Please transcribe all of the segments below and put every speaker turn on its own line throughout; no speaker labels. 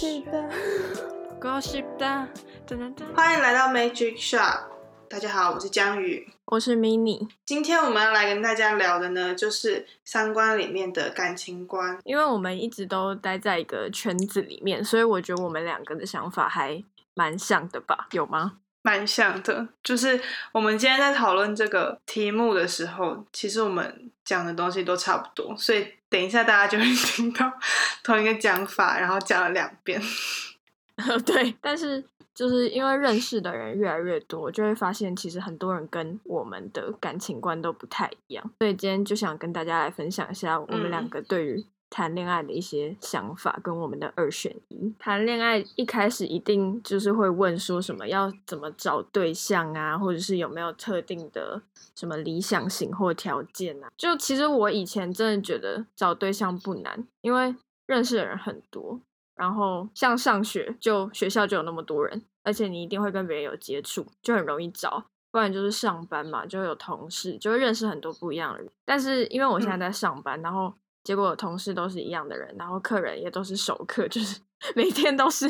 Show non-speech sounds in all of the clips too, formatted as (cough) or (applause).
是的，恭喜的！歡迎來到 Magic Shop，大家好，我是姜予，我是 Mini。今天我們要來跟大家聊的呢，就是三觀裡面的感情觀。
因為我們一直都待在一個圈子裡
面，所以我覺得我們兩個的想法還蠻像的吧？有嗎？蠻像的，就是我們今天在討論這個題目的時候，其實我們講的東西都差不多，所以等一下大家就會聽到同一個講法，然後講了兩遍。對，但是就是因為認識的人越來越多，就
會發現其實很多人跟我們的感情觀都不太一樣，所以今天就想跟大家來分享一下我們兩個對於。嗯。談戀愛的一些想法跟我們的二選一。談戀愛一開始一定就是會問說，什麼要怎麼找對象啊，或者是有沒有特定的什麼理想型或條件啊？就其實我以前真的覺得找對象不難，因為認識的人很多，然後像上學就學校就有那麼多人，而且你一定會跟別人有接觸，就很容易找。不然就是上班嘛，就會有同事，就會認識很多不一樣的人。但是因為我現在在上班，嗯、然後。結果同事都是一樣的人，然後客人也都是熟客，就是每天都是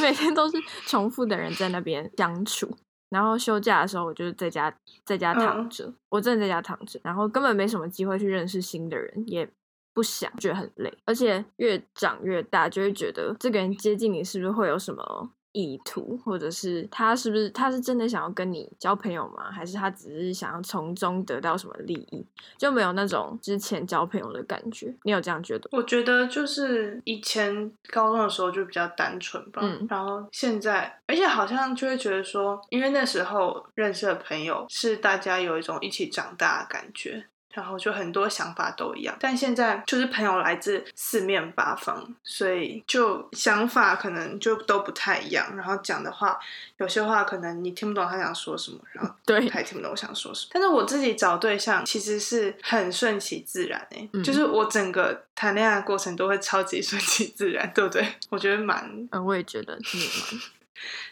每天都是重複的人在那邊相處。然後休假的時候，我就在家在家躺着，oh. 我真的在家躺着，然後根本沒什麼機會去認識新的人，也不想，覺得很累。而且越長越大，就會覺得這個人接近你，是不是會有什麼？意圖，或者是他是不是，他是真的想要跟你交朋友嗎？還是他只是想要從中得到什麼利益，就沒有那種之前交朋友的感覺。你有這樣覺得？
我覺得就是以前高中的時候就比較單純吧，嗯，然後現在，而且好像就會覺得說，因為那時候認識的朋友是大家有一種一起長大的感覺。然後就很多想法都一樣，但現在就是朋友來自四面八方，所以就想法可能就都不太一樣。然後講的話，有些話可能你聽不懂他想說什麼，然後對，他也聽不懂我想說什麼。但是我自己找對象其實是很順其自然、欸嗯、就是我整個談戀愛過程都會超級順其自然，對不對？我覺得蠻……啊、我也覺得也蠻。 (laughs)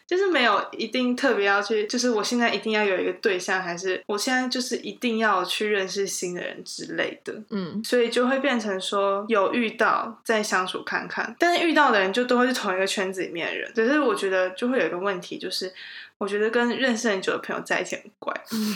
就是沒有一定特別要去，就是我現在一定要有一個對象，還是我現在就是一定要去認識新的人之類的。嗯，所以就會變成說有遇到再相處看看，但是遇到的人就都會是同一個圈子裡面的人。只、就是我覺得就會有一個問題，就是我覺得跟認識很久的朋友在一起很怪。嗯、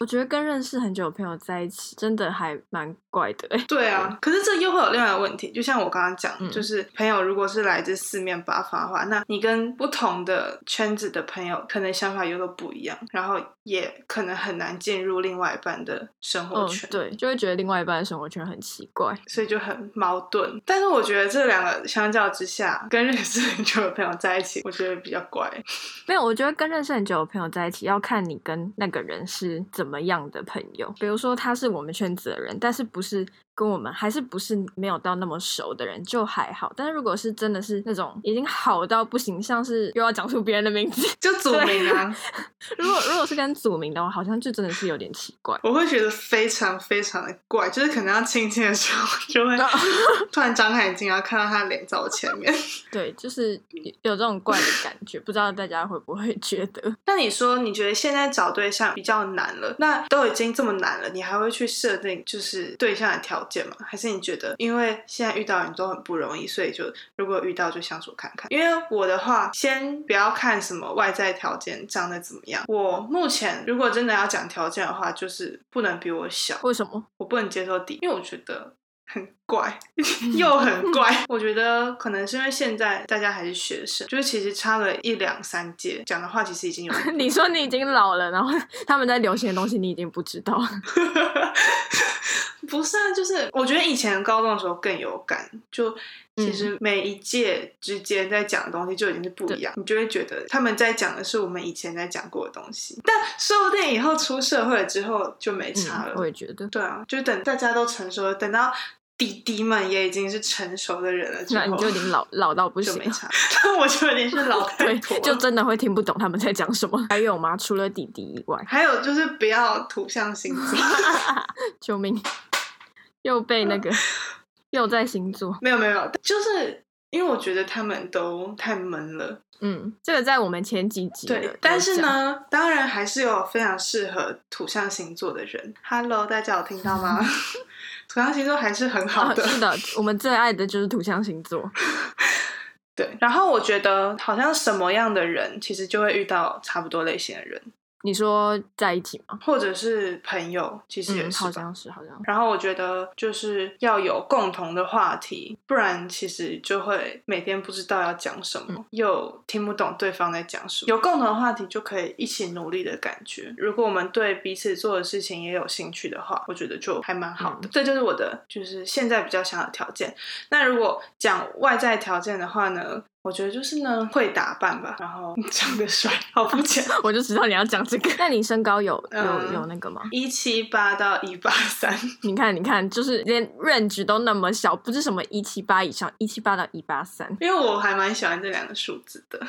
我覺得跟認識很久的朋友在一起真的還蠻。怪的。欸，對啊對，
可是這又會有另外一個問題，就像我剛剛講，就是朋友如果是來自四面八方的話，那你跟不同的圈子的朋友，可能想法又都不一樣，然後也可能很難進入另外一半的生活圈。哦，對，就會覺得另外一半的生活圈很奇怪，所以就很矛盾。但是我覺得這兩個相較之下，跟認識很久的朋友在一起，我覺得比較怪。
(laughs) 沒有，我覺得跟認識很久的朋友在一起，要看你跟那個人是怎麼樣的朋友。比如說他是我們圈子的人，但是不。就是。跟我們還是不是沒有到那麼熟的人就還好，但是如果是真的是那種已經好到不行，像是又要講出別人的名字，就祖名、啊。 (laughs) 如
果如果是跟祖名的話，好像就真的是有點奇怪。我會覺得非常非常的怪，就是可能要親親的時候，就會 (laughs) 突然張開眼睛，要看到他的臉在我前面。 (laughs) (laughs) 對，就是有這種怪的感覺，不知道大家會不會覺得？那你說，你覺得現在找對象比較難了？那都已經這麼難了，你還會去設定就是對象的條件？嗎？還是你覺得，因為現在遇到你都很不容易，所以就如果遇到就相處看看？因為我的話，先不要看什麼外在條件，長得怎麼樣。我目前如果真的要講條件的話，就是不能比我小。為什麼？我不能接受弟，因為我覺得。很怪，又很怪。我覺得可能是因為現在大家還是學生，就是其實差了一兩三屆，講的話其實已經有。 (laughs) 你說你已經老
了，然後他們在流行的東西，你已經不知道了。
(laughs) 不是啊，就是我覺得以前高中的時候更有感，就其實每一屆之間在講的東西就已經是不一樣，你就會覺得他們在講的是我們以前在講過的東西。但說不定以後出社會了之後就沒差了。嗯，我也覺得，對啊，就等大家都成熟，等到。弟弟們也已經是成熟的人了，那你就已經老 (laughs) 老到不行
了。那 (laughs) 我就已經是老太婆， (laughs) 就真的會聽不懂他們在講什麼？ (laughs) 還有嗎？除了弟
弟以外， (laughs) 還有就是不要土象星座， (laughs) (laughs) 救命！又被那個 (laughs) 又在星座， (laughs) 沒有沒有，就是。因為我覺得他們都太悶了，嗯，這個在我們前幾集對，但是呢，當然還是有非常適合土象星座的人。Hello，大家有聽到嗎？知道嗎？ (laughs) 土象星座還是很好的。哦，是的，我們最愛的就是土象星座。 (laughs) 對，然後我覺得好像什麼樣的人，其實就會遇到差不多類型的人。你說在一起嗎？或者是朋友，其實也是、嗯，好像是好像是。然後我覺得就是要有共同的話題，不然其實就會每天不知道要講什麼，嗯、又聽不懂對方在講什麼、嗯。有共同的話題就可以一起努力的感覺。如果我們對彼此做的事情也有興趣的話，我覺得就還蠻好的。嗯、這就是我的，就是現在比較想的條件。那如果講外在條件的話呢？我覺得就是呢，會打扮吧，然後長得帥，
好膚淺、啊，我就知道你要講這個。那你身高有有、嗯、有那個嗎？
一七八到一
八三，你看你看，就是連 range 都那麼小，不是什麼一七八以上，一七八到一八三，因為我還蠻喜歡這兩個數字的。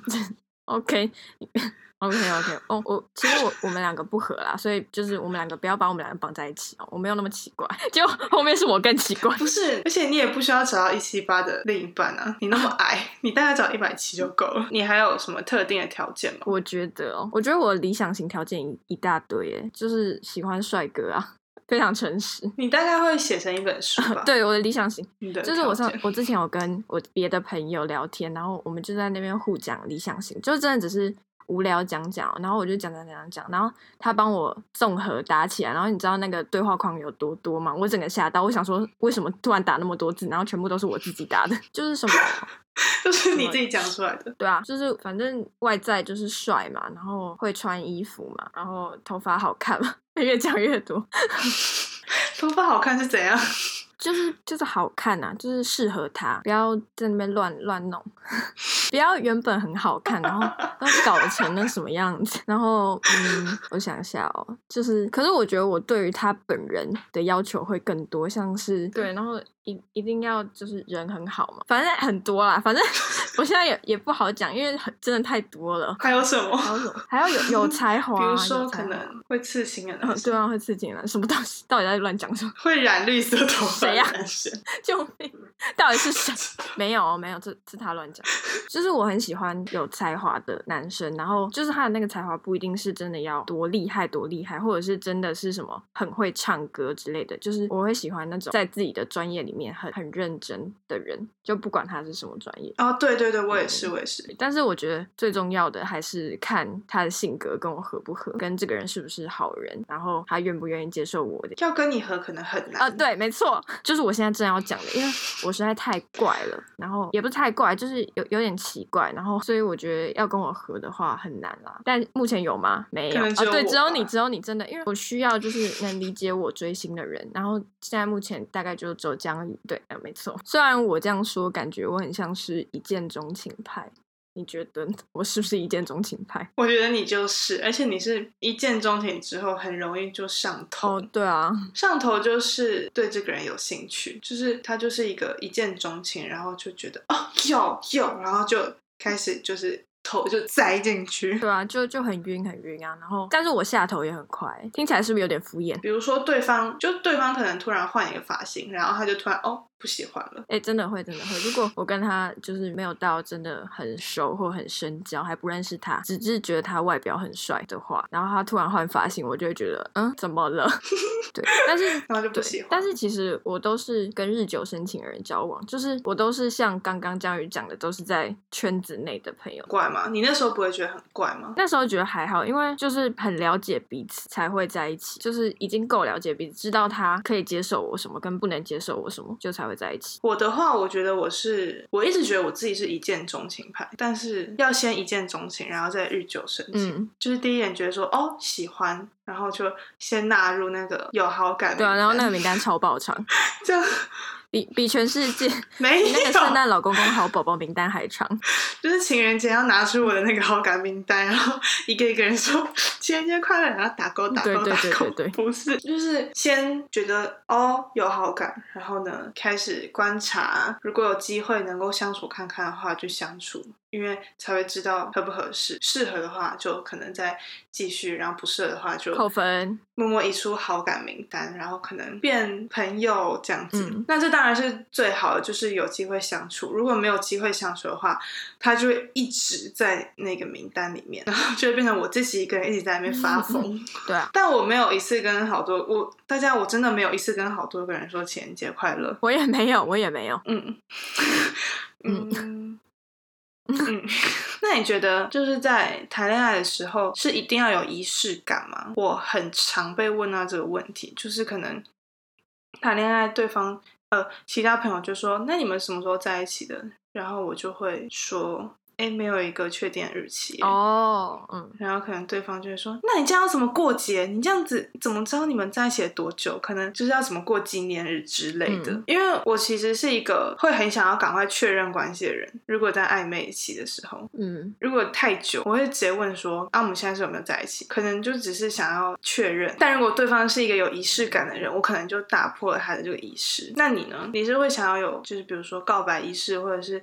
(laughs) OK。 (laughs) OK OK，哦，我其實我我們兩個不合啦， (laughs) 所以就是我們兩個不要把我們兩個綁在一起哦、喔。我沒有那麼奇怪，就 (laughs) 後面是我更奇怪。 (laughs) 不是，而且你也不
需要找到一七八的另一半啊。你那麼矮， (laughs) 你大概找一百七就夠了。你還有什麼特定的條件嗎？我覺得、喔，我覺得我的理想
型條件一、一大堆哎，就是喜歡帥哥啊，非常誠實。 (laughs) 你大概會
寫成一本書吧？ (laughs) 對，我的理想型、嗯、對就是我
上我之前有跟我別的朋友聊天，然後我們就在那邊互講理想型，就真的只是。無聊講講，然後我就講講講講講，然後他幫我綜合打起來，然後你知道那個對話框有多多嗎？我整個嚇到，我想說為什麼突然打那麼多字，然後全部都是我自己打的，就是什麼，就是你自己講出來的，對啊，就是反正外在就是帥嘛，然後會穿衣服嘛，然後頭髮好看嘛，越講越多， (laughs) 頭髮好看是怎樣？就是就是好看啊，就是適合他，不要在那邊亂亂弄， (laughs) 不要原本很好看，然後都搞成那什麼樣子，然後嗯，我想一下哦，就是，可是我覺得我對於他本人的要求會更多，像是對，然後一一定要就是人很好嘛，反正很多啦，反正。 (laughs) 我現在也也不好講，因為真的太多了。還有什麼？還有什麼？還要有有，有才華、啊，比如說可
能
會刺青的人、哦。對啊，會刺青啊，什麼東西，到底在亂講什麼？會染綠色頭髮的男生，救命、啊！到底是誰？ (laughs) 沒有，沒有，是是他亂講。 (laughs) 就是我很喜歡有才華的男生，然後就是他的那個才華不一定是真的要多厲害多厲害，或者是真的是什麼很會唱歌之類的。就是我會喜歡那種在自己的專業裡面很很認真的人，就不管他是什麼專業。啊、哦，對。對對對，我也是、嗯，我也是。但是我覺得最重要的還是看他的性格跟我合不合，跟這個人是不是好人，然後他願不願意接受我的。要跟你合可能很難啊、呃。對，沒錯，就是我現在正要講的，因為我實在太怪了，然後也不是太怪，就是有有點奇怪，然後所以我覺得要跟我合的話很難啦、啊。但目前有嗎？沒有，有啊、哦。對，只有你，只有你真的，因為我需要就是能理解我追星的人。然後現在目前大概就只有姜予。對、呃，沒錯。雖然我這樣說，感覺我很像是一見。鍾情派，你覺得我是不是一見鍾情派？
我覺得你就是，而且你是一見鍾情之後很容易就上頭。Oh, 對啊，上頭就是對這個人有興趣，就是他就是一個一見鍾情，然後就覺得哦有有，然後就開始就是頭就栽進去。對啊，就就很暈很暈啊。然後，但是我
下頭也很快。聽起來是不是有點敷衍？
比如說對方就對方可能突然換一個髮型，然後他就突然哦。不喜歡
了，哎、欸，真的會，真的會。如果我跟他就是沒有到真的很熟或很深交，還不認識他，只是覺得他外表很帥的話，然後他突然換髮型，我就會覺得，嗯，怎麼了？ (laughs) 對，但是 (laughs) 就不，但是其實我都是跟日久生情的人交往，就是我都是像剛剛姜予講的，都是在圈子內的朋友。怪嗎？你
那時候不會覺得很怪嗎？
那時候覺得還好，因為就是很了解彼此才會在一起，就是已經夠了解彼此，知道他可以接受我什麼，
跟不能接受我什麼，就才會。在一起，我的話，我覺得我是，我一直覺得我自己是一見鍾情派，但是要先一見鍾情，然後再日久生情、嗯，就是第一眼覺得說哦，喜歡，然後就先納入那個有好感，對啊，然後那個名
單超爆長， (laughs) 這樣比比全世界，沒，那個聖誕老公公好寶寶名單還長。
就是情人節要拿出我的那個好感名單，然後一個一個人說情人節快樂，然後打勾打勾打勾。對對對，對對對對，不是，就是先覺得哦有好感，然後呢開始觀察，如果有機會能夠相處看看的話，就相處。因為才會知道合不合適，適合的話就可能再繼續，然後不適合的話就扣分，默默移出好感名單，然後可能變朋友這樣子。嗯。那這當然是最好的，就是有機會相處。如果沒有機會相處的話，他就會一直在那個名單裡面，然後就會變成我自己一個人一直在那邊發瘋。嗯，對啊，但我沒有一次跟好多，我，大家我真的沒有一次跟好多個人說情人節快樂。我也沒有，我也沒有。嗯 (laughs) 嗯。嗯 (laughs) 嗯，那你覺得就是在談戀愛的時候是一定要有儀式感嗎？我很常被問到這個問題，就是可能談戀愛對方呃其他朋友就說，那你們什麼時候在一起的？然後我就會說。誒，沒有一個確定日期哦。嗯，然後可能對方就會說：“那你這樣要怎麼過節？你這樣子怎麼知道你們在一起了多久？可能就是要怎麼過紀念日之類的。嗯”因為我其實是一個會很想要趕快確認關係的人。如果在曖昧期的時候，嗯，如果太久，我會直接問說：“啊，我們現在是有沒有在一起？”可能就只是想要確認。但如果對方是一個有儀式感的人，我可能就打破了他的這個儀式。那你呢？你是會想要有，就是比如說告白儀式，或者是？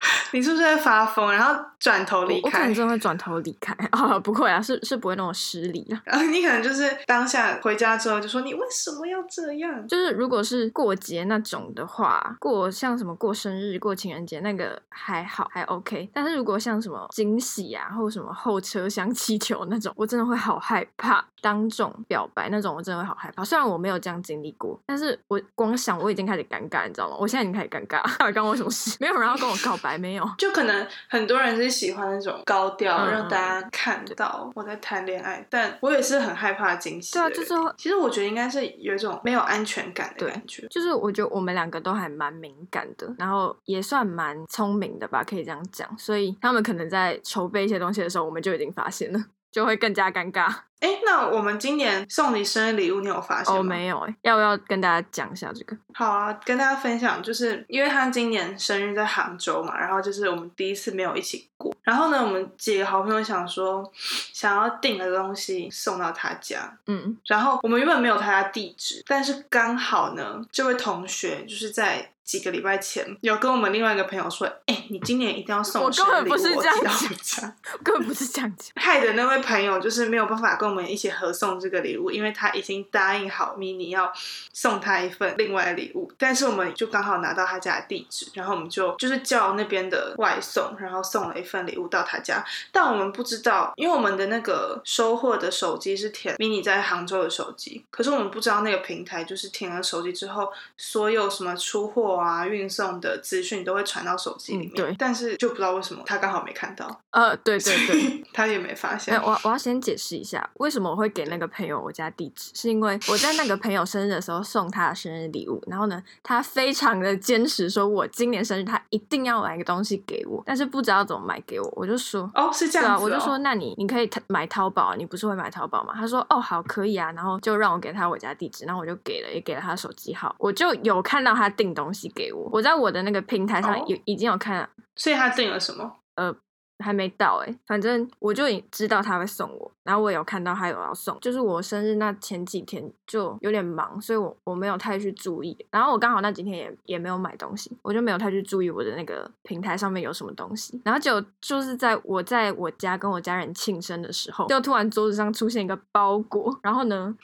(laughs) 你是不是在發瘋？然後轉頭離開？我，我可能真的會轉頭離開啊。哦，不會啊，是是不會那種失禮啊。然後你可能就是當下回家之後就說你為什麼要這樣？
就是如果是過節那種的話，過像什麼過生日、過情人節那個還好還 OK，但是如果像什麼驚喜啊，或什麼後車廂氣球那種，我真的會好害怕當眾表白那種，我真的會好害怕。雖然我沒有這樣經歷過，但是我光想我已經開始尷尬，你知道嗎？我現在已經開始尷尬，要 (laughs) 啊，干我什麼事？沒有人要跟我告
白。 (laughs) 沒有，就可能很多人是喜歡那種高調，嗯，讓大家看到我在談戀愛，但我也是很害怕驚喜。對啊，就是說其實我覺得應該是有一種沒有安全感的感
覺。就是我覺得我們兩個都還蠻敏感的，然後也算蠻聰明的吧，可以這樣講。所以他們可能在籌備一些東西的時候，我們就已經發現了。就會更加尷尬。
哎，那我們今年送你生日禮物，你有發現嗎？我、oh, 沒有，
要不要跟大家講一下這個？
好啊，跟大家分享，就是因為他今年生日在杭州嘛，然後就是我們第一次沒有一起過。然後呢，我們幾個好朋友想說，想要訂的東西送到他家。嗯，然後我們原本沒有他家地址，但是剛好呢，這位同學就是在。幾個禮拜前，有跟我們另外一個朋友說：“哎、欸，你今年一定要送我生日禮物樣、哦、家，我根本不是這樣講。
我”我根本不是這樣
講 (laughs) 害的那位朋友就是沒有辦法跟我們一起合送這個禮物，因為他已經答應好 Mini 要送他一份另外的禮物。但是我們就剛好拿到他家的地址，然後我們就就是叫那邊的外送，然後送了一份禮物到他家。但我們不知道，因為我們的那個收貨的手機是填 Mini 在杭州的手機，可是我們不知道那個平台就是填了手機之後，所有什麼出貨。啊，運送的資訊都會傳到手機裡面，嗯對，但是就不知道為什麼他剛
好沒看到，呃，對對對，
(laughs) 他
也沒發現。欸、我我要先解釋一下，為什麼我會給那個朋友我家地址，是因為我在那個朋友生日的時候送他的生日禮物，然後呢，他非常的堅持說，我今年生日他一定要買一個東西給我，但是不知道怎麼買給我，我就說，哦，是這樣子，哦對啊，我就說，那你你可以買淘寶，你不是會買淘寶嗎？他說，哦，好，可以啊，然後就讓我給他我家地址，然後我就給了，也給了他手機號，我就有看到他訂東西。給我，我在我的那個平台上有，oh. 已經有看了，所以他訂了什麼？呃，還沒到誒、欸，反正我就已知道他會送我。然後我有看到他有要送，就是我生日那前幾天就有點忙，所以我我沒有太去注意。然後我剛好那幾天也也沒有買東西，我就沒有太去注意我的那個平台上面有什麼東西。然後就就是在我在我家跟我家人慶生的時候，就突然桌子上出現一個包裹。然後呢，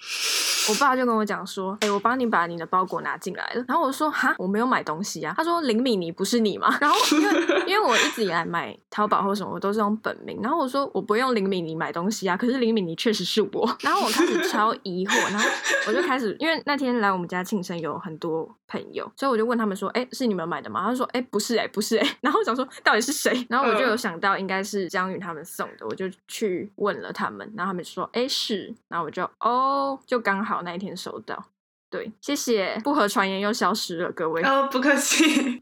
我爸就跟我講說：“哎、欸，我幫你把你的包裹拿進來了。”然後我說：“哈，我沒有買東西啊。”他說：“林敏妮不是你嗎？”然後因為因為我一直以來買淘寶或什麼我都是用本名，然後我說我不用林敏妮買東西啊，可是。是李敏，你確實是我。 (laughs) 然後我開始超疑惑，然後我就開始，因為那天來我們家慶生有很多朋友，所以我就問他們說：“哎、欸，是你們買的嗎？”然後說：“哎、欸，不是、欸，哎，不是，哎。”然後我想說到底是誰？然後我就有想到應該是姜予他們送的，我就去問了他們，然後他們說：“哎、欸，是。”然後我就哦，就剛好那一天收到。對，謝謝，不合傳言又消失了，各位。哦，
不客氣，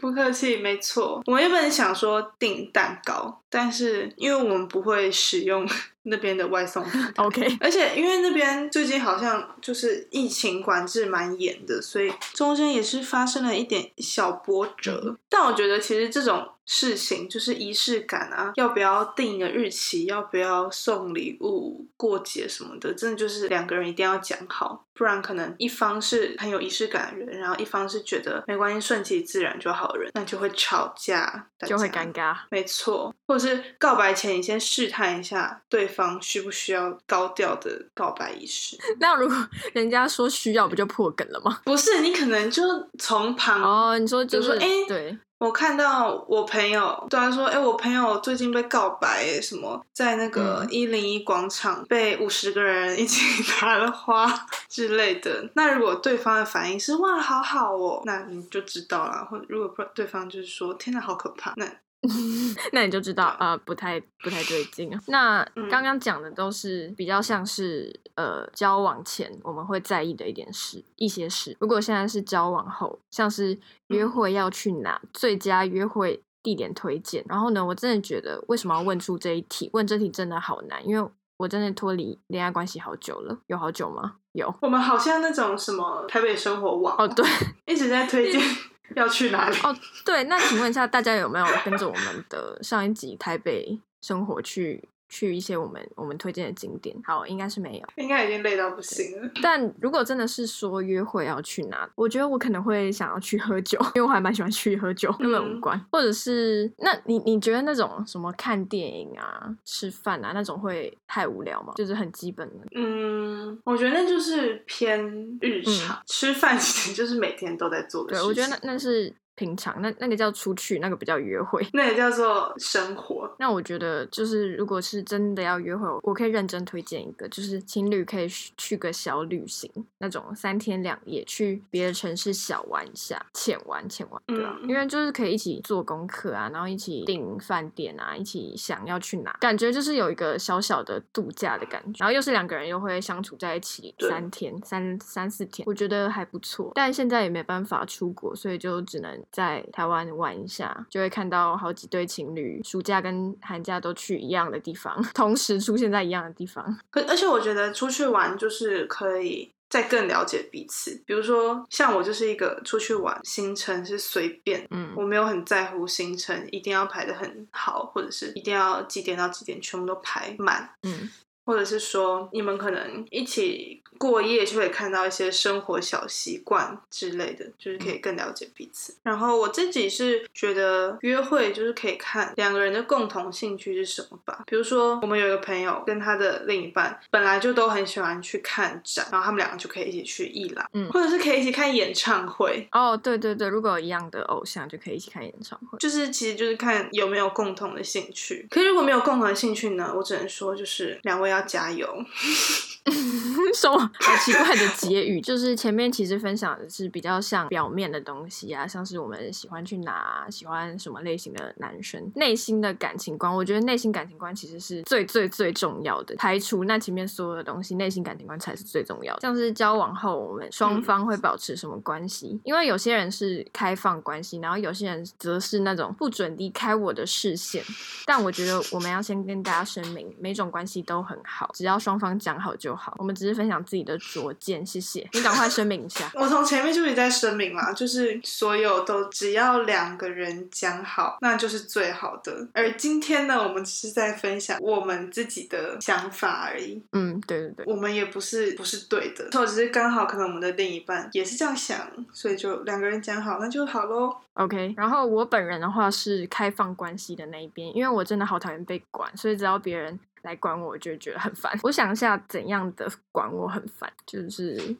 不客氣，沒錯。我原本想說訂蛋糕，但是因為我們不會使用。那邊的外送，OK。而且因為那邊最近好像就是疫情管制蠻嚴的，所以中間也是發生了一點小波折，嗯。但我覺得其實這種事情就是儀式感啊，要不要定一個日期，要不要送禮物、過節什麼的，真的就是兩個人一定要講好，不然可能一方是很有儀式感的人，然後一方是覺得沒關係、順其自然就好的人，那就會吵架，就會尷尬。沒錯，或者是告白前你先試探一下對方。方需不需要高調的告白儀式？
那如果人家說需要，不就破梗了
嗎？不是，你可能就從旁、就是、哦。你說就是，哎、欸，對，我看到我朋友突然說，哎、欸，我朋友最近被告白，什麼在那個一零一廣場被五十個人一起拿了花之類的。那如果對方的反應是哇，好好哦，那你就知道了。或者如果對方就是說，天哪，好可怕，那。
(laughs) 那你就知道，啊、呃，不太不太對勁啊。那剛剛講的都是比較像是、嗯，呃，交往前我們會在意的一點事，一些事。如果現在是交往後，像是約會要去哪，嗯、最佳約會地點推薦。然後呢，我真的覺得為什麼要問出這一題？問這題真的好難，因為我真的脫離戀愛關係好久了，有好久嗎？有。
我們好像那種什麼台北生活網哦，對，一直在推薦。 (laughs) 要去哪裡？哦，對，那請問一下，大家有
沒有跟着我們的上一集台北生活去？去一些我們我們推薦的景點，好，應該是沒有，
應該已經累到不行了。
但如果真的是說約會要去哪，我覺得我可能會想要去喝酒，因為我還蠻喜歡去喝酒，根、嗯、本無關。或者是那你你覺得那種什麼看電影啊、吃飯啊那種會太無聊嗎？就是很基本的。
嗯，我覺得那就是偏日常，嗯、吃飯其實就是每天都在做的事情。對，我覺得那那是。
平常那，那個叫出去，那個不叫約會，那也叫做生活。那我覺得就是，如果是真的要約會，我，我可以認真推薦一個，就是情侶可以去個小旅行，那種三天兩夜去別的城市小玩一下，淺玩，淺玩對啊、嗯，因為就是可以一起做功課啊，然後一起訂飯店啊，一起想要去哪，感覺就是有一個小小的度假的感覺，然後又是兩個人又會相處在一起三天三三四天，我覺得還不錯。但現在也沒辦法出國，所以就只能在台灣玩一下，就會看到好幾對情侶，暑假跟寒假都去一樣的地方，同時出現在一樣的地方。
可而且我覺得出去玩就是可以再更了解彼此。比如說像我就是一個出去玩，行程是隨便，嗯，我沒有很在乎行程，一定要排得很好，或者是一定要幾點到幾點全部都排滿，嗯。或者是說你們可能一起過夜，就會看到一些生活小習慣之類的，就是可以更了解彼此，嗯。然後我自己是覺得約會就是可以看兩個人的共同興趣是什麼吧。比如說我們有一個朋友跟他的另一半本來就都很喜歡去看展，然後他們兩個就可以一起去藝廊，嗯，或者是可
以一起看演唱會。哦，對對對，如果有一樣的偶像就可以一起看演唱會，
就是其實就是看有沒有共同的興趣。可是如果沒有共同的興趣呢，我只能說就是兩位要。要加油！
(laughs) (laughs) 說好奇怪的結語，就是前面其實分享的是比較像表面的東西啊，像是我們喜歡去哪、啊、喜歡什麼類型的男生，內心的感情觀。我覺得內心感情觀其實是最最最重要的，排除那前面所有的東西，內心感情觀才是最重要的。像是交往後我們雙方會保持什麼關係、嗯？因為有些人是開放關係，然後有些人則是那種不准離開我的視線。但我覺得我們要先跟大家聲明，每種關係都很。好，只要雙方講好就好。我們只是分享自己的拙見，謝謝。你趕快聲明一下。 (laughs)
我從前面就已經在聲明了，就是所有都只要兩個人講好，那就是最好的。而今天呢，我們只是在分享我們自己的想法而已。
嗯，對對對，
我們也不是不是對的，錯只是剛好可能我們的另一半也是這樣想，所以就兩個人講好，那就好嘍。
OK。然後我本人的話是開放關係的那一邊，因為我真的好討厭被管，所以只要別人。來管我，我就覺得很煩。我想一下，怎樣的管我很煩，就是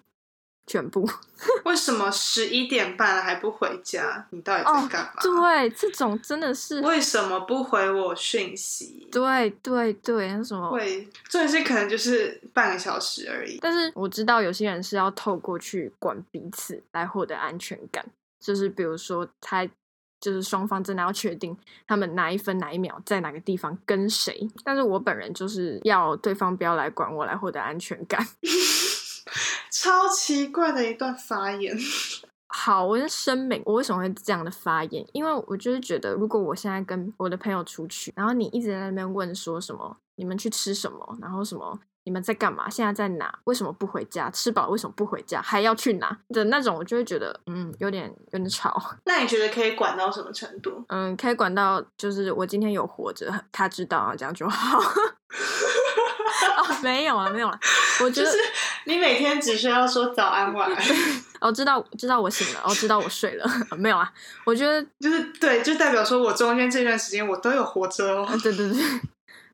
全部。
(laughs) 為什麼十一點半了還不回家？你到底在幹嘛？哦，對，這種真的是。為什麼不回我訊息？對對對，對那什麼？會，這是可能就是半個小時而已。
但是我知道有些人是要透過去管彼此來獲得安全感，就是比如說他。就是雙方真的要確定他們哪一分哪一秒在哪個地方跟誰，但是我本人就是要對方不要來管我來獲得安全感，
(laughs) 超奇怪的一段發言。
好，我就聲明我為什麼會這樣的發言，因為我就是覺得如果我現在跟我的朋友出去，然後你一直在那邊問說什麼，你們去吃什麼，然後什麼。你們在幹嘛？現在在哪？為什麼不回家？吃飽了為什麼不回家？還要去哪的那種？我就會覺得，嗯，有點有點吵。那你覺得
可以管到什麼程度？嗯，
可以管到就是我今天有活着，他知道啊，這樣就好。
沒有啊，沒有啊、就是。我覺得你每天只需要說早安晚安。 (laughs) 哦，
知道知道我醒了，哦，知道我睡了。 (laughs) 哦、沒有啊，我覺得就是對，就代表說我中
間這段時間我都有活着哦、啊。對對
對，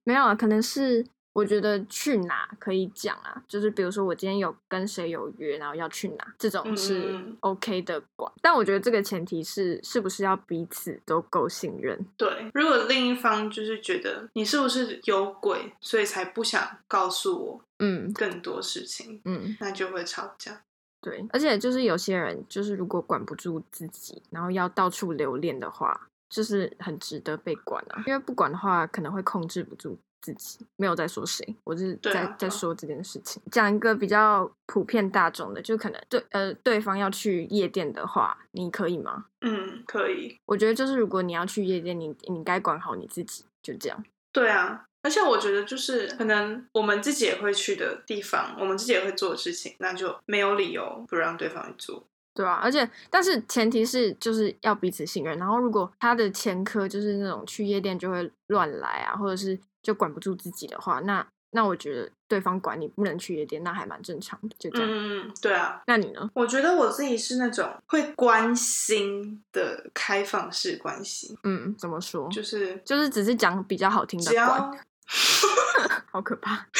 沒有啊，可能是。我覺得去哪可以講啊，就是比如說我今天有跟誰有約，然後要去哪，這種是 OK 的。嗯，但我覺得這個前提是是不是要彼此都夠信任。
對，如果另一方就是覺得你是不是有鬼，所以才不想告訴我，嗯，更多事情，嗯，那就會吵架。
對，而且就是有些人就是如果管不住自己，然後要到處留戀的話，就是很值得被管啊，因為不管的話可能會控制不住。自己沒有在說誰，我是在、啊、在說這件事情。講一個比較普遍大眾的，就可能對呃，對方要去夜店的話，你可以嗎？嗯，
可以。
我覺得就是如果你要去夜店，你你該管好你自己，就這樣。
對啊，而且我覺得就是可能我們自己也會去的地方，我們自己也會做的事情，那就沒有理由不讓對方去做。
對啊，而且但是前提是就是要彼此信任。然後如果他的前科就是那種去夜店就會亂來啊，或者是，就管不住自己的話，那那我覺得對方管你不能去夜店，那還蠻正常的，就這樣。
嗯，對啊。那你呢？我覺得我自己是那種會關心的開放式關係。嗯，
怎麼說？就是就是，只是講比較好聽的話
(laughs) (laughs) 好可怕。 (laughs)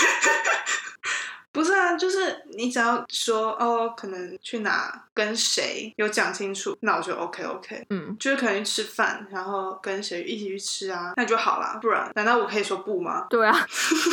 不是啊，就是你只要說哦，可能去哪跟誰有講清楚，那我就 OK OK，嗯，就是可能去吃飯，然後跟誰一起去吃啊，那就好啦。不然難道我可以說不嗎？對啊，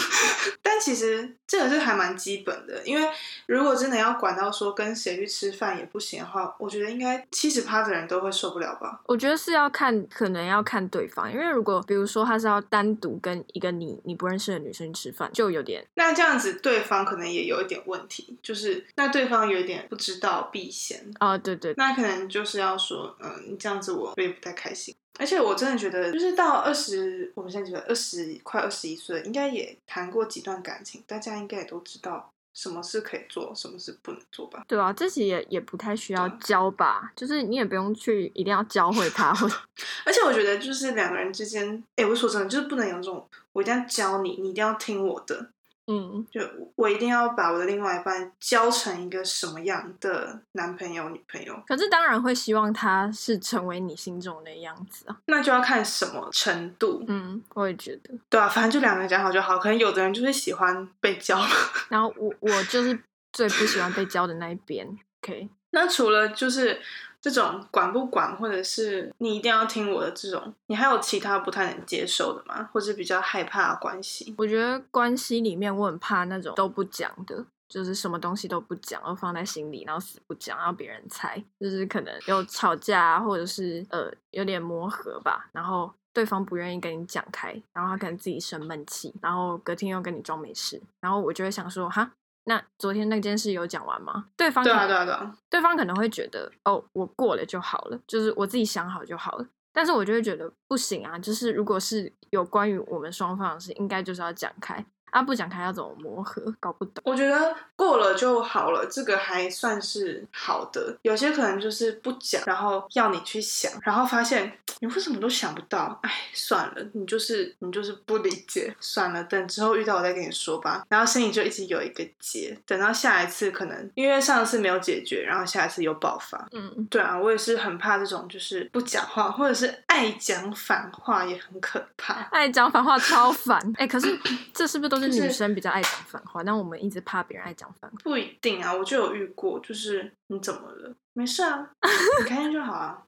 (laughs) 但其實這個是還蠻基本的，因為如果真的要管到說跟誰去吃飯也不行的話，我覺得應該七十趴的人都會受不了吧？
我覺得是要看，可能要看對方，因為如果比如說他是要單獨跟一個你你不認識的女生吃飯，就有點，
那這樣子對方可能。也有一點問題，就是那對方有點不知道避嫌啊，uh, 對,對對，那可能就是要說，嗯，你這樣子我我也不太開心。而且我真的覺得，就是到二十，我們現在覺得二十快二十一歲，應該也談過幾段感情，大家應該也都知道什麼是可以做，什麼是不能做吧？
對啊，這些也也不太需要教吧、嗯，就是你也不用去一定要教會他。 (laughs) 而
且我覺得，就是兩個人之間，哎、欸，我說真的，就是不能有這種，我一定要教你，你一定要聽我的。嗯，就我一定要把我的另外一半教成一個什麼樣的男朋友、女朋友？可是當然會
希望他是成為你心中的樣子啊。
那就要看什麼程度。嗯，我也覺得。對啊，反正就兩個人講好就好。可能有的人就是喜歡被教，然後我我就是最不喜歡被教的那一邊。 (laughs) OK，那除了就是。這種管不管，或者是你一定要聽我的這種，你還有其他不太能接受的嗎？或者比較害怕的關係？
我覺得關係裡面我很怕那種都不講的，就是什麼東西都不講，都放在心裡，然後死不講，然後別人猜，就是可能又吵架，或者是呃有點磨合吧，然後對方不願意跟你講開，然後他可能自己生悶氣，然後隔天又跟你裝沒事，然後我就會想說，哈。那昨天那件事有講完嗎？對方，對啊對啊對啊，對方可能會覺得哦，我過了就好了，就是我自己想好就好了。但是我就會覺得不行啊，就是如果是有關於我們雙方的事，應該就是要講開。啊，不講他要怎麼磨
合，搞不懂。我覺得過了就好了，這個還算是好的。有些可能就是不講，然後要你去想，然後發現你為什麼都想不到？哎，算了，你就是你就是不理解，算了，等之後遇到我再跟你說吧。然後心裡就一直有一個結，等到下一次可能因為上次沒有解決，然後下一次又爆發。嗯，對啊，我也是很怕這種，就是不講話，或者是愛講反話也很可怕。愛講反話超煩。哎、 (laughs) 欸，可是這是不是都？就是女生比較愛講
反話、就是，但我們一直怕別人愛講反話。
不一定啊，我就有遇過，就是你怎麼了？沒事啊， (laughs) 你開心就好啊。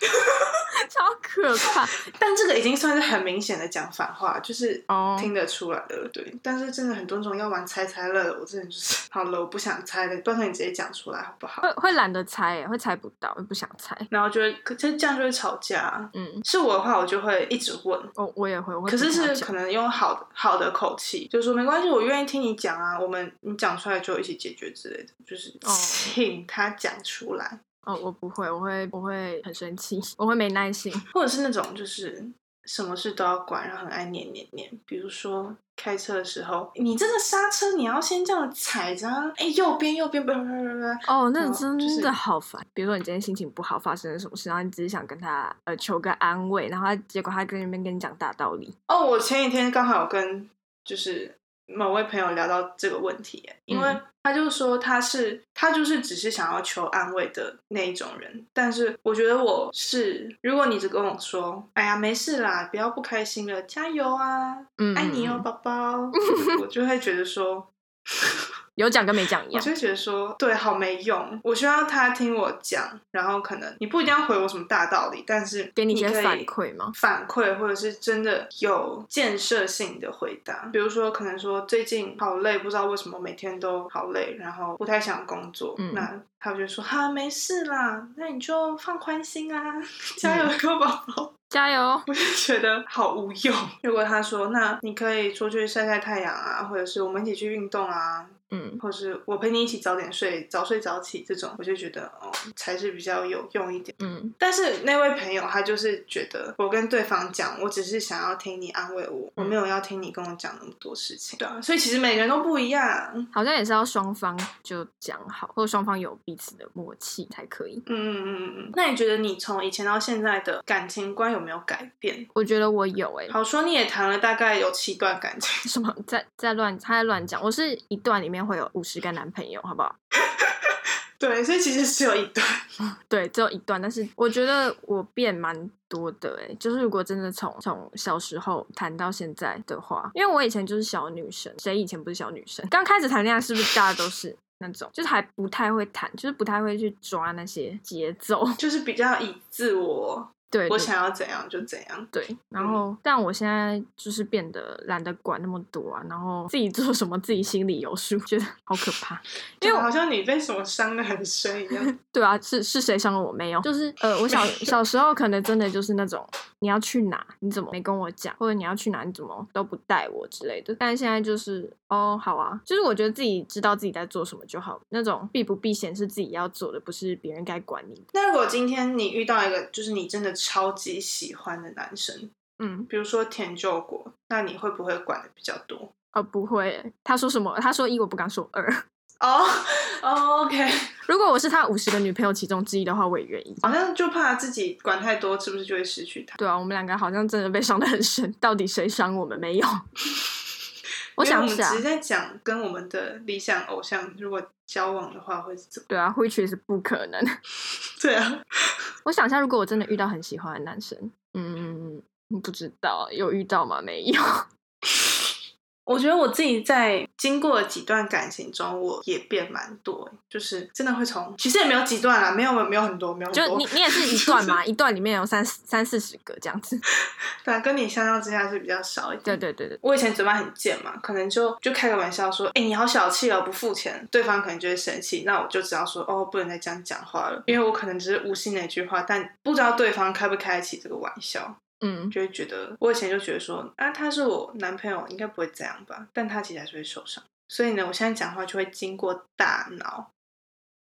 (laughs) 超可怕！ (laughs) 但這個已經算是很明顯的講反話，就是聽得出來的。Oh. 對,但是真的很多種要玩猜猜樂的。我真的就是好了，我不想猜了，到時候你直接講出來好不好？會會懶得猜，欸，會猜不到，我不想猜，然後覺得可是這樣就會吵架啊。嗯，是我的話，我就會一直問。哦、oh，我也會問，我會。可是是可能用好好的口氣，就說沒關係，我願意聽你講啊。我們你講出來就一起解決之類的，就是請他講出來。Oh. 哦，我不會，我會，我會很生氣，我會沒耐心，或者是那種就是什麼事都要管，然後很愛念念念。比如說開車的時候，你這個剎車你要先這樣踩着，啊，哎，欸，右邊右邊叭叭叭叭！哦，那真的好
煩，就是。比如說你今天心情不好，發生了什麼事，然後你只是想跟他呃求個安慰，然後他結果他在那邊跟你講大道理。
哦，我前幾天剛好有跟就是。某位朋友聊到這個問題耶，因為他就說他是、嗯、他就是只是想要求安慰的那一種人，但是我覺得我是，如果你只跟我說，哎呀，沒事啦，不要不開心了，加油啊，嗯、愛你哦，寶寶， (laughs) 我就會覺得說。 (laughs) 有
講跟沒講一樣，我就覺
得說對，好沒用。我希望他聽我講，然後可能你不一定要回我什麼大道理，但是給你一些反饋嗎？反饋或者是真的有建設性的回答，比如說可能說最近好累，不知道為什麼每天都好累，然後不太想工作。嗯、那他就說哈、啊、沒事啦，那你就放寬心啊，加油一個寶寶，寶、嗯、寶， (laughs) 加油。我就覺得好無用。如果他說那你可以出去曬曬太陽啊，或者是我們一起去運動啊。嗯，或是我陪你一起早點睡，早睡早起這種，我就覺得哦，才是比較有用一點。嗯，但是那位朋友他就是覺得我跟對方講，我只是想要聽你安慰我，嗯、我沒有要聽你跟我講那麼多事情、嗯。對啊，所以其實每個人都
不一樣，好像也是要雙方就講好，或者雙方有彼此的默契才
可以。嗯嗯嗯嗯。那你覺得你從以前到現在的感情觀有沒有改變？我覺得我有哎、欸。好說，你也談了大概有七段感情，什麼在在亂他在亂講，
我是一段裡面。會有五十個男朋友，好不好？
(laughs) 對，所以其實只有一段
(laughs) 對，只有一段。但是我覺得我變蠻多的，就是如果真的從從小時候談到現在的話，因為我以前就是小女生，誰以前不是小女生？剛開始談戀愛是不是大家都是那種，就是還不太會談，就是不太會去抓那
些節奏，就是比較以自我。對，
我想要怎樣就怎樣。對，然後，嗯、但我現在就是變得懶得管那麼多啊，然後自己做什麼自己心裡有數，覺得好可怕。因 (laughs) 為好
像你被什麼傷得很深一樣。 (laughs) 對啊，
是是誰傷了我沒有？就是呃，我小小時候可能真的就是那種你要去哪，你怎麼沒跟我講，或者你要去哪，你怎麼都不帶我之類的。但現在就是哦，好啊，就是我覺得自己知道自己在做什麼就好，那種避不避嫌是自己要做的，不是別人該管你的。
那如果今天你遇到一個，就是你真的。超級喜歡的男生，嗯，比如說田柾國，那你會不會管得比較多？
哦，不會。他說什麼？他說一我不敢說二。哦、 (laughs) oh，OK。如果我是他五十個女朋友其
中之一的話，我也願意。好像就怕自己管太多， (laughs) 是不是就會失去他？
對啊，我們兩個好像真的被傷得很深，到底誰傷我們沒有？ (laughs)
我，我想、啊，我們在講跟我們的理想偶像如果交往的話會是怎。
對啊，會確實不可能。 (laughs) 對啊，我想一下，如果我真的遇到很喜歡的男生，嗯，不
知道有遇到嗎？沒有。 (laughs) 我覺得我自己在經過了幾段感情中，我也變蠻多欸，就是真的會從，其實也沒有幾段啦，沒有沒有很多，沒有很多。就你你也是一段嘛， (laughs)
一段裡面有三四三四十個這樣子。
(laughs) 對啊，跟你相較之下是比較少一點。對對對對，我以前嘴巴很賤嘛，可能就就開個玩笑說，哎、欸，你好小氣哦，不付錢，對方可能就會生氣，那我就只要說，哦，不能再這樣講話了，因為我可能只是無心的一句話，但不知道對方開不開得起這個玩笑。嗯，就會覺得我以前就覺得說啊，他是我男朋友，應該不會這樣吧？但他其實還是會受傷。所以呢，我現在講話就會經過大腦，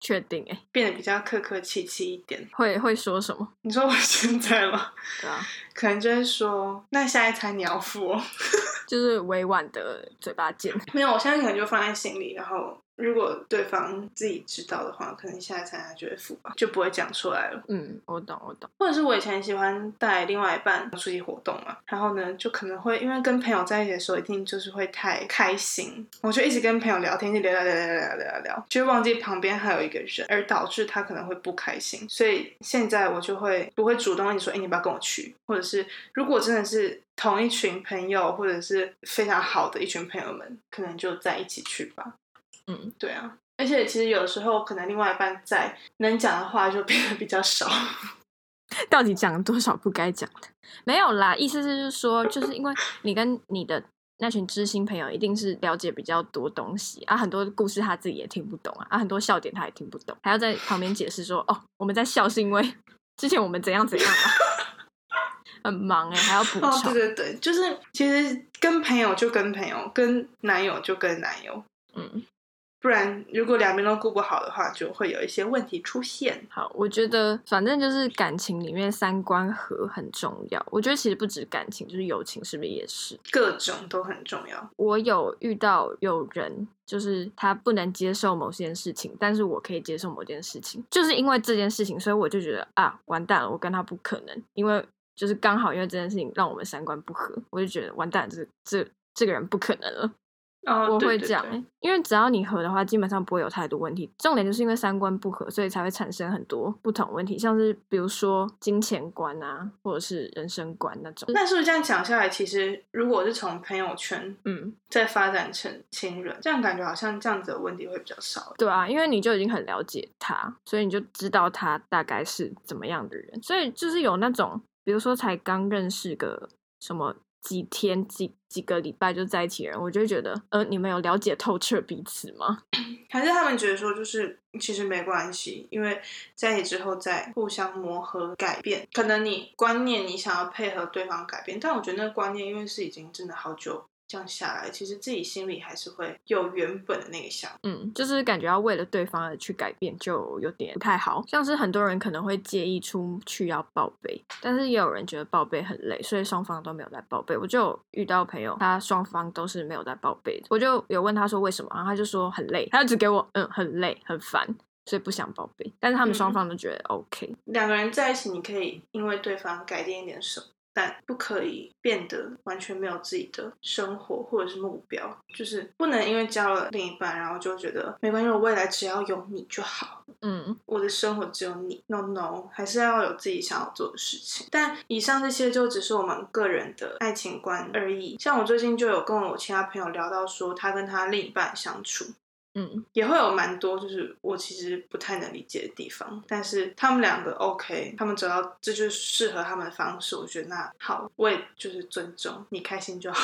確定誒、欸、變得比較客客氣氣一點。會會說什麼？你說我現在嗎？對啊，可能就是說，那下一餐你要付， (laughs) 就是委婉的嘴巴賤。沒有，我現在可能就放在心裡，然後。如果對方自己知道的話，可能現在他就會付吧，就不會講出來了。嗯，我懂，我懂。或者是我以前喜歡帶另外一半出席活動嘛，然後呢，就可能會因為跟朋友在一起的時候，一定就是會太開心，我就一直跟朋友聊天，就聊聊聊聊聊聊聊，就會忘記旁邊還有一個人，而導致他可能會不開心。所以現在我就會不會主動跟你說，哎、欸，你不要跟我去，或者是如果真的是同一群朋友，或者是非常好的一群朋友們，可能就在一起去吧。嗯，對啊，而且其實有時候可能另外一半在能講的話就變得比較少。
到底講了多少不該講的？
沒有啦，意思
是就是說，就是因為你跟你的那群知心朋友一定是了解比較多東西啊，很多故事他自己也聽不懂啊，啊，很多笑點他也聽不懂，還要在旁邊解釋說，哦，我們在笑是因為之前我們怎樣怎樣啊，很忙哎、欸，還要補償、哦。對對
對，就是其實跟朋友就跟朋友，跟男友就跟男友，嗯。不然，如果兩邊都顧不好的話，就會有一些問題出現。好，
我覺得反正就是感情裡面三觀合很重要。我覺得其實不止感情，就是友情是不是也是？各種
都很重要。
我有遇到有人，就是他不能接受某些事情，但是我可以接受某件事情，就是因為這件事情，所以我就覺得啊，完蛋了，我跟他不可能，因為就是剛好因為這件事情讓我們三觀不合，我就覺得完蛋了，這這這個人不可能了。Oh, 對對對。我會講，因為只要你合的話，基本上不會有太多問題。重點就是因為三觀不合，所以才會產生很多不同問題，像是比如說金錢觀啊，或者是人生觀那種。那是不是這
樣講下來，其實如果是從朋友圈，嗯，再發展成情人、嗯，這樣感覺好像這樣子的問題會比較少？
對啊，因為你就已經很了解他，所以你就知道他大概是怎麼樣的人，所以就是有那種，比如說才剛認識個什麼。幾天幾幾個禮拜就在一起人，我就覺得，呃，你們有了解透徹彼此嗎？
還是他們覺得說，就是其實沒關係，因為在一起之後再互相磨合改變，可能你觀念你想要配合對方改變，但我覺得那個觀念，因為是已經真的好久。這樣下來，其實自己心裡還是會有原本的那個想法，
嗯，就是感覺要為了對方而去改變，就有點不太好。像是很多人可能會介意出去要報備，但是也有人覺得報備很累，所以雙方都沒有在報備。我就有遇到朋友，他雙方都是沒有在報備的，我就有問他說為什麼，然後他就說很累，他就只給我，嗯，很累很煩，所以不想報備。但是他們雙方都覺得 OK。嗯，
兩個人在一起，你可以因為對方改變一點什麼。但不可以變得完全沒有自己的生活或者是目標，就是不能因為交了另一半，然後就覺得沒關係，我未來只要有你就好，嗯，我的生活只有你，no no，還是要有自己想要做的事情。但以上這些就只是我們個人的愛情觀而已。像我最近就有跟我其他朋友聊到說，他跟他另一半相處。嗯，也會有蠻多，就是我其實不太能理解的地方，但是他們兩個 OK，他們走到這就是適合他們的方式，我覺得那好，我也就是尊重你開心就好。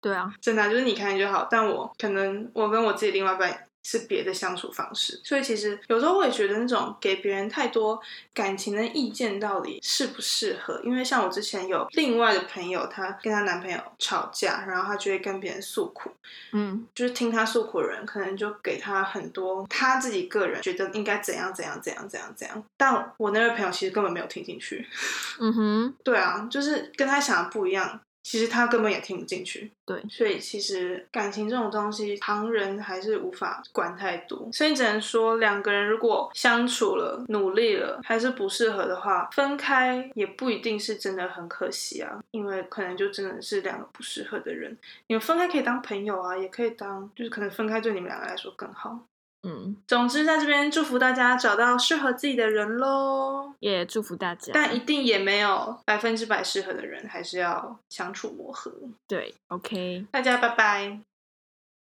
對啊，真的啊，就是你開心就好，但我可能我跟我自己另外一半。是別的相處方式，所以其實有時候我也覺得那種給別人太多感情的意見，到底適不適合？因為像我之前有另外的朋友，她跟她男朋友吵架，然後她就會跟別人訴苦，嗯，就是聽她訴苦的人，可能就給她很多她自己個人覺得應該怎樣怎樣怎樣怎樣怎樣，但我那位朋友其實根本沒有聽進去， (laughs) 嗯哼，對啊，就是跟她想的不一樣。其實他根本也聽不進去，對，所以其實感情這種東西，旁人還是無法管太多，所以只能說兩個人如果相處了、努力了，還是不適合的話，分開也不一定是真的很可惜啊，因為可能就真的是兩個不適合的人，你們分開可以當朋友啊，也可以當，就是可能分開對你們兩個來說更好。嗯，總之在這邊祝福大家找到適合自己的人咯也、yeah, 祝福大家，但一定也沒有百分之百適合的人，還是要相處磨合。對，OK，大家拜拜。